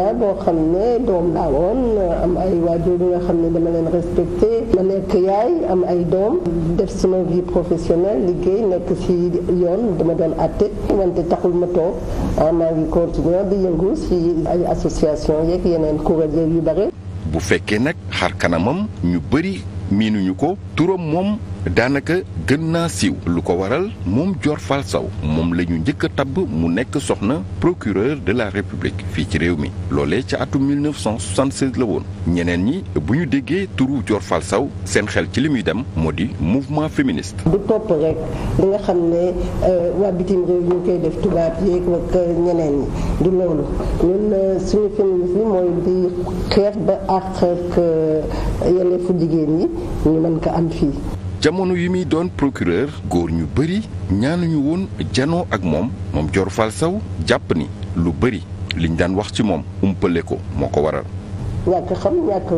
a boo xam ne doom laa woon am ay waajur yi nga xam ne dama leen respecté ma nekk yaay am ay doom def sama vie professionnelle liggéey nekk ci yoon dama doon àtte wante taxul ma toog ah maa ngi continuer di yëngu ci ay association yeeg yeneen kuréel yu bare bu fekkee nag xar kanamam ñu bëri miinuñu ko turam moom daanaka gën naa siiw lu ko waral moom Dior Fall Sow moom la ñu njëkk a tabb mu nekk soxna procureur de la république fii ci réew mi loolee ca atum 1976 la woon ñeneen ñi bu ñu déggee turu Dior Fall Sow seen xel ci li muy dem moo di mouvement féministe. du topp rek li nga xam ne euh, waa bitim réew ñu koy def tubaab yeeg ak euh, ñeneen ñi du loolu ñun euh, suñu féministe mooy di xeex ba àq ak yelleefu jigéen ñi ñu mën ko am fii. jamono yi muy doon procureur góor ñu bëri ñaanuñu woon janoo ak moom moom jor Fall Sow jàpp ni lu bëri liñ daan wax ci moom umpale ko moo ko waral. ñàkk xam ñàkk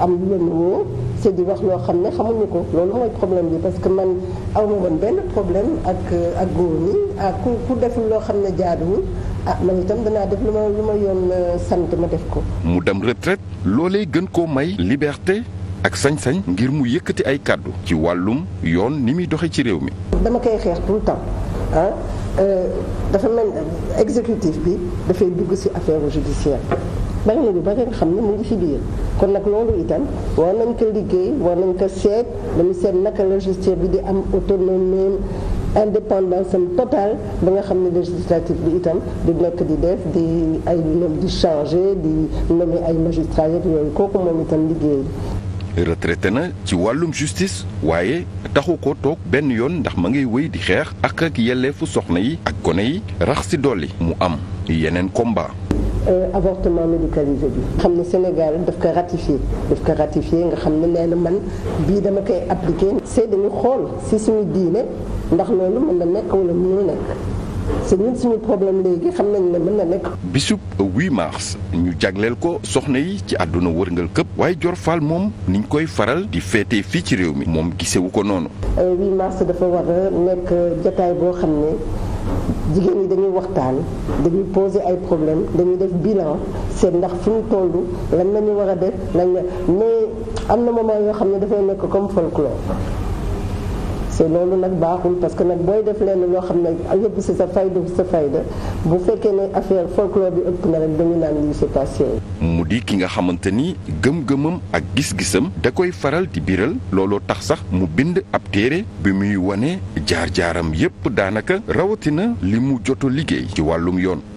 am lu leen woo c'est wax loo xam ne xamuñu ko loolu mooy problème bi parce que man awma woon benn problème ak ak góor ñi ah ku ku deful loo xam ne jaaduwul ah man itam danaa def lu ma lu ma yoon euh, sant ma def ko. mu dem retraite loolee gën koo may liberté. ak sañ-sañ ngir mu yëkkati ay kàddu ci wàllum yoon ni muy doxe ci réew mi dama koy xeex tout le temps ah euh, dafa mel exécutif bi dafay dugg ci affaire judiciaire bari na bu bari nga xam ne mu ngi ci biir kon nag loolu itam war nañ ko liggéey war nañ ko seet dañu seet naka la bi di am autonomie indépendance am totale ba nga xam ne législatif bi itam di nekk di def di ay ñoom di changer di nommer ay magistrats yeeg yooyu kooku moom itam liggéey retraité na ci wàllum justice waaye taxu ko toog benn yoon ndax ma ngay wéy di xeex ak ak yelleefu soxna yi ak gone yi rax si dolli mu am yeneen combat Euh, avortement médicalisé bi xam ne Sénégal daf ko ratifié daf ko ratifié nga xam ne nee na man bii dama koy appliqué c'est dañu xool si suñu diine ndax loolu mën na nekk wala mënul nekk c'est ñun suñu problème léegi xam nañ ne mën na nekk. bisub 8 mars ñu jagleel ko soxna yi ci àdduna wërngal këpp waaye jor Fall moom niñ koy faral di féete fii ci réew mi moom gisewu ko noonu. 8 euh, mars dafa war nekk jotaay boo xam ne. jigéen ñi dañuy waxtaan dañuy poser ay problèmes dañuy def bilan seet ndax fu ñu toll lan la ñu war a def lan la mais am na moment yoo xam ne dafay nekk comme folklore so loolu nag baaxul parce que nag booy def lenn loo xam ne yëpp si sa fayda sa fayda bu fekkee ne affaire folklore bi ëpp na rek dañu naan lii c'est passé mu di ki nga xamante ni gëm-gëmam ak gis-gisam da koy faral di biral looloo tax sax mu bind ab téere bi muy wane jaar-jaaram yëpp daanaka rawatina li mu joto liggéey ci wàllum yoon